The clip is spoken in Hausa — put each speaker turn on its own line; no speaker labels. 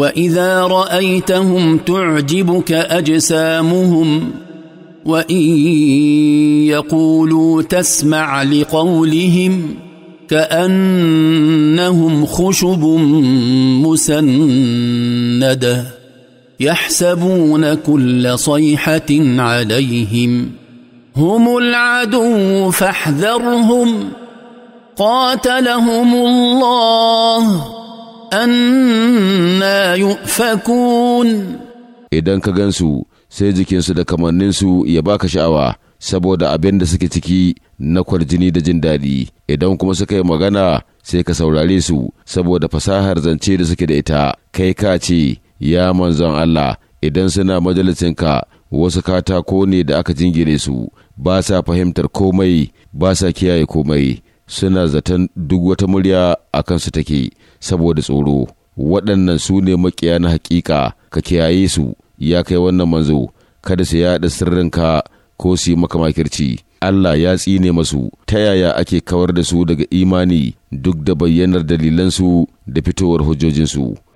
واذا رايتهم تعجبك اجسامهم وان يقولوا تسمع لقولهم كانهم خشب مسنده يحسبون كل صيحه عليهم هم العدو فاحذرهم قاتلهم الله أن yufakun
idan ka gansu sai jikinsu da kamanninsu ya baka sha'awa saboda abin da suke ciki na kwarjini da jin daɗi idan kuma suka yi magana sai ka saurare su saboda fasahar zance da suke da ita kai ka ce ya manzon Allah idan suna majalisinka wasu katako ne da aka jingire su ba sa fahimtar komai ba sa kiyaye komai suna zaton duk wata murya a kansu take saboda tsoro waɗannan su ne makiya na hakika ka kiyaye su ya kai wannan manzo kada su yaɗa sirrinka ko su yi maka makirci Allah ya tsine masu ta yaya ake kawar da su daga imani duk da bayyanar dalilansu da fitowar hujjojinsu